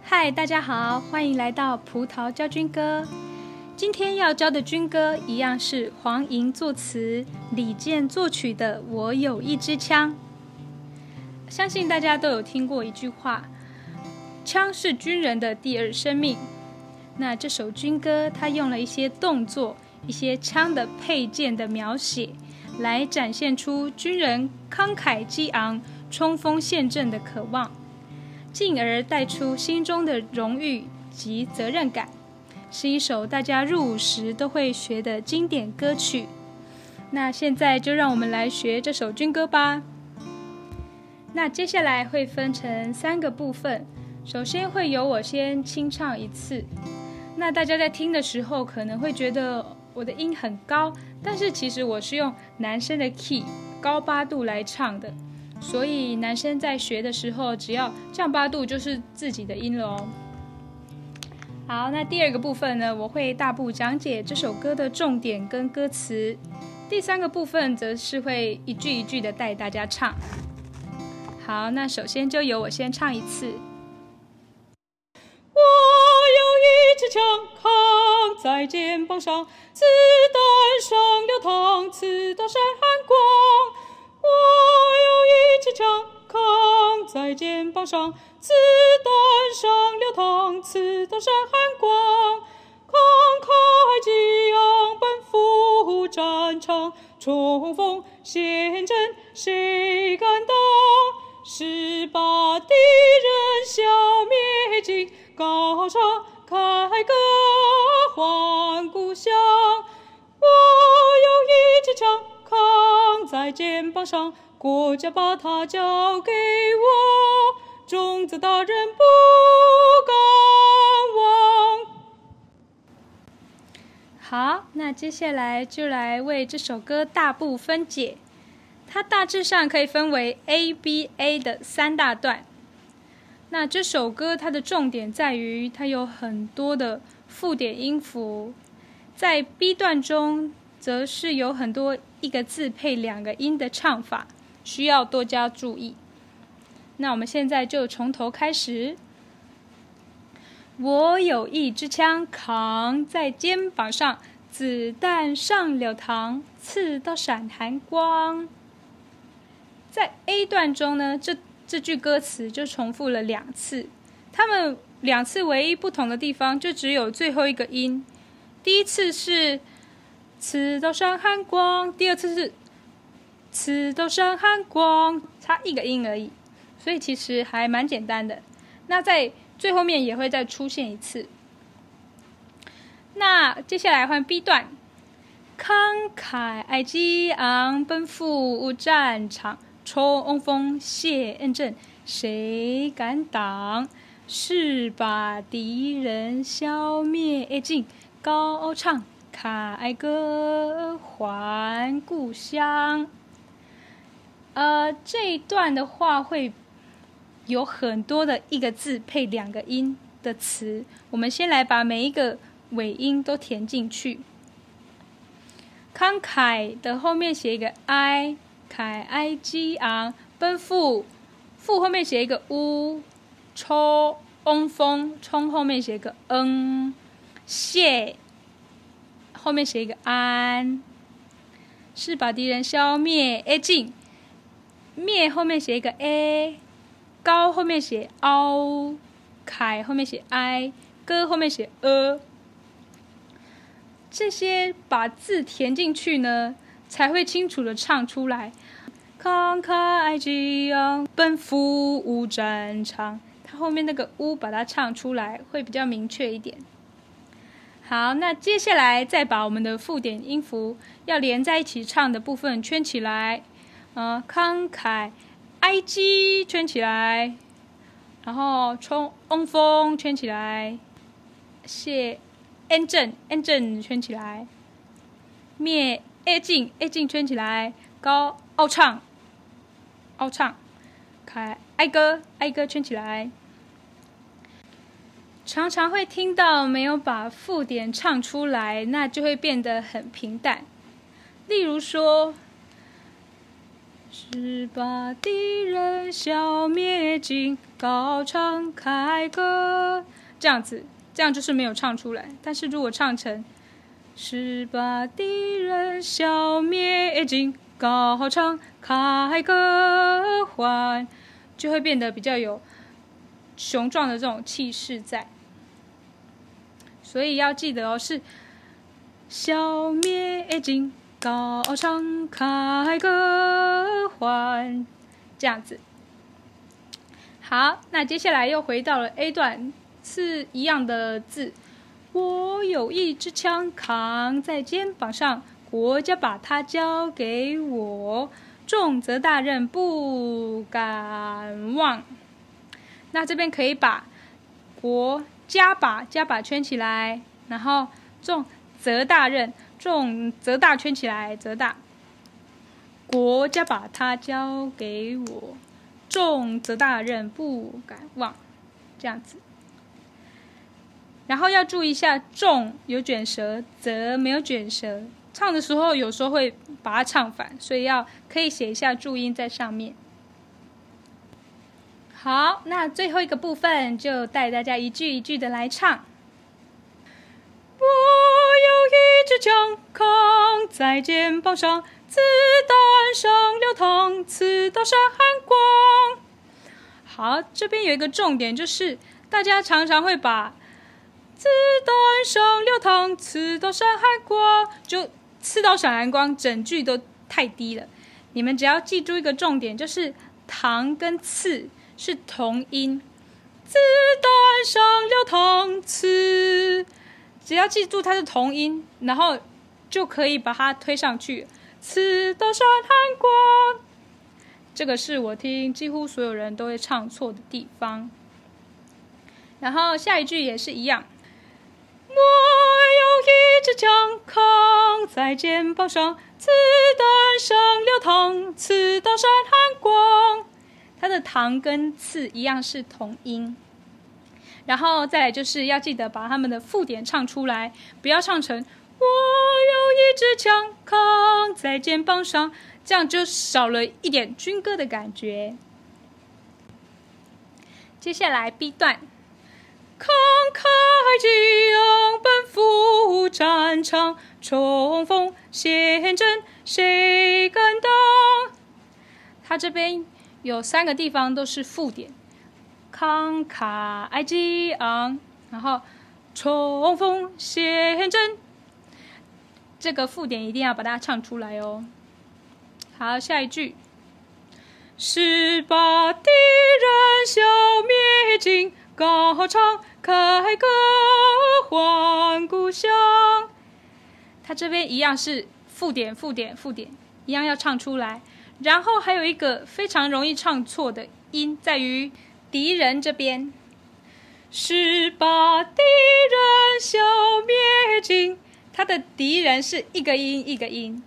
嗨，大家好，歡迎來到葡萄教軍歌。今天要教的軍歌一樣是黃瑩作詞、李健作曲的《我有一枝槍》。相信大家都有聽過一句話：“槍是軍人的第二生命。”那這首軍歌，它用了一些動作。一些槍的配件的描寫，來展現出軍人慷慨激昂、衝鋒陷陣的渴望，進而帶出心中的榮譽及責任感，是一首大家入伍時都會學的經典歌曲。那現在就讓我們來學這首軍歌吧。那接下來會分成三個部分，首先會由我先清唱一次。那大家在聽的時候可能會覺得。我的音很高，但是其實我是用男生的 key 高八度來唱的，所以男生在學的時候只要降八度就是自己的音了哦。好，那第二個部分呢，我會大步講解這首歌的重點跟歌詞；第三個部分則是會一句一句的帶大家唱。好，那首先就由我先唱一次。我有一枝槍，在肩膀上，子彈上了膛，刺刀閃寒光。我有一支槍，扛在肩膀上，子彈上了膛，刺刀閃寒光。慷慨激昂，奔赴戰場，衝鋒陷陣，誰？在肩膀上，國家把它交給我，重責大任不敢忘。好，那接下來就來為這首歌大部分解。它大致上可以分為 ABA 的三大段。那這首歌它的重點在於，它有很多的附點音符，在 B 段中則是有很多。一個字配兩個音的唱法需要多加注意。那我們現在就從頭開始。我有一支槍，扛在肩膀上，子彈上了膛，刺刀閃寒光。在 A 段中呢，這這句歌詞就重複了兩次，他們兩次唯一不同的地方就只有最後一個音，第一次是。刺刀閃寒光，第二次是，刺刀閃寒光，差一個音而已，所以其實還蠻簡單的。那在最後面也會再出現一次。那接下來換 B 段，慷慨激昂，奔赴戰場，衝鋒陷陣，誰敢擋？誓把敵人消滅盡，高唱。凱歌還故鄉。呃，這一段的話會有很多的一個字配兩個音的詞。我們先來把每一個尾音都填進去。慷慨的後面寫一個哀，凱哀激昂，奔赴，赴後面寫一個烏，衝翁風衝後面寫一個恩，謝。後面寫一個安，是把敵人消滅殆盡、欸。滅後面寫一個 a，高後面寫 ao，凱後面寫 i，歌後面寫呃。這些把字填進去呢，才會清楚的唱出來。慷慨激昂奔赴戰場，它後面那個 u 把它唱出來會比較明確一點。好，那接下來再把我們的附點音符要連在一起唱的部分圈起來。嗯、呃，慷慨，IG 圈起來，然後衝 ong 風圈起來，謝，n 陣 n 陣圈起來，滅，a 鏡 a 鏡圈起來，高，奧唱，奧唱，凱，愛歌愛歌圈起來。常常會聽到沒有把附點唱出來，那就會變得很平淡。例如說：“誓把敵人消滅盡，高唱凱歌。”這樣子，這樣就是沒有唱出來。但是如果唱成：“誓把敵人消滅盡，高唱凱歌還”，就會變得比較有。雄壯的這種氣勢在，所以要記得哦，是消滅盡，高唱凱歌還這樣子。好，那接下來又回到了 A 段，是一樣的字。我有一支槍，扛在肩膀上，國家把它交給我，重責大任不敢忘。那這邊可以把國家把家把圈起來，然後重責大任，重責大圈起來，責大國家把它交給我，重責大任不敢忘，這樣子。然後要注意一下，重有捲舌，責沒有捲舌，唱的時候有時候會把它唱反，所以要可以寫一下注音在上面。好，那最後一個部分就帶大家一句一句的來唱。我有一支槍，扛在肩膀上，子彈上了膛，刺刀閃寒光。好，這邊有一個重點，就是大家常常會把子彈上了膛，刺刀閃寒光，就刺刀閃寒光整句都太低了。你們只要記住一個重點，就是膛跟刺。是同音，子彈上了膛，刺，只要記住它是同音，然後就可以把它推上去，刺刀閃寒光。這個是我聽幾乎所有人都會唱錯的地方。然後下一句也是一樣，我有一枝槍，扛在肩膀上，子彈上了膛，刺刀閃寒光。的“膛”跟“刺”一樣是同音，然後再來就是要記得把他們的附點唱出來，不要唱成“我有一枝槍，扛在肩膀上”，這樣就少了一點軍歌的感覺。接下來 B 段，慷慨激昂，奔赴戰場，衝鋒陷陣誰敢擋？他這邊。有三個地方都是附點，慷慨激昂、嗯，然後衝鋒陷陣，這個附點一定要把它唱出來哦。好，下一句，誓把敵人消滅盡，高唱凱歌還故鄉。它這邊一樣是附點、附點、附點，一樣要唱出來。然後還有一個非常容易唱錯的音，在於敵人這邊，“誓把敵人消滅盡”，它的敵人是一個音一個音，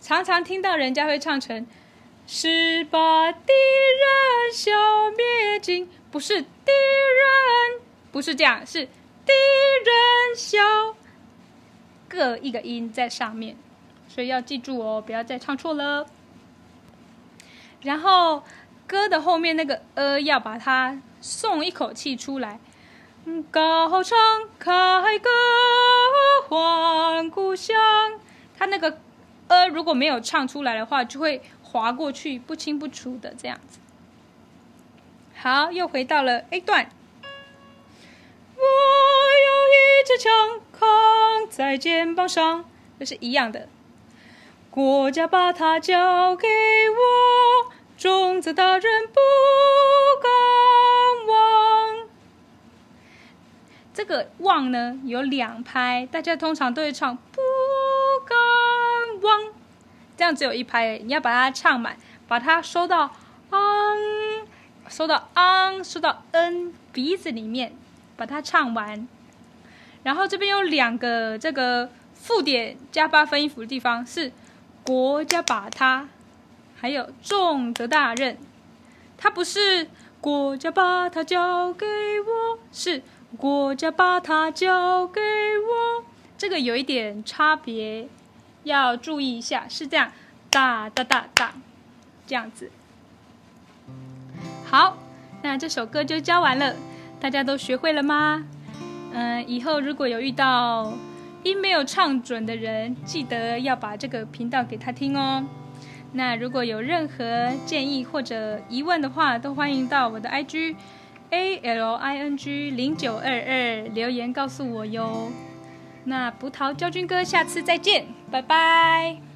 常常聽到人家會唱成“誓把敵人消滅盡”，不是敵人，不是這樣，是敵人消，各一個音在上面，所以要記住哦，不要再唱錯了。然後，歌的後面那個呃，要把它送一口氣出來。高唱凱歌還故鄉，它那個呃如果沒有唱出來的話，就會滑過去，不清不楚的這樣子。好，又回到了 A 段。我有一枝槍扛在肩膀上，這是一樣的。國家把它交給我，重責大任不敢忘。這個“忘”呢有兩拍，大家通常都會唱“不敢忘”，這樣只有一拍。你要把它唱滿，把它收到“昂、嗯”，收到“昂、嗯”，收到“嗯”，鼻子裡面把它唱完。然後這邊有兩個這個附點加八分音符的地方是。國家把他還有重責大任，他不是國家把他交給我，是國家把他交給我。這個有一點差別，要注意一下。是這樣，噠噠噠噠，這樣子。好，那這首歌就教完了，大家都學會了嗎？嗯，以後如果有遇到。音沒有唱準的人，記得要把這個頻道給他聽哦。那如果有任何建議或者疑問的話，都歡迎到我的 IG A L I N G 零九二二留言告訴我喲。那葡萄教軍歌，下次再見，拜拜。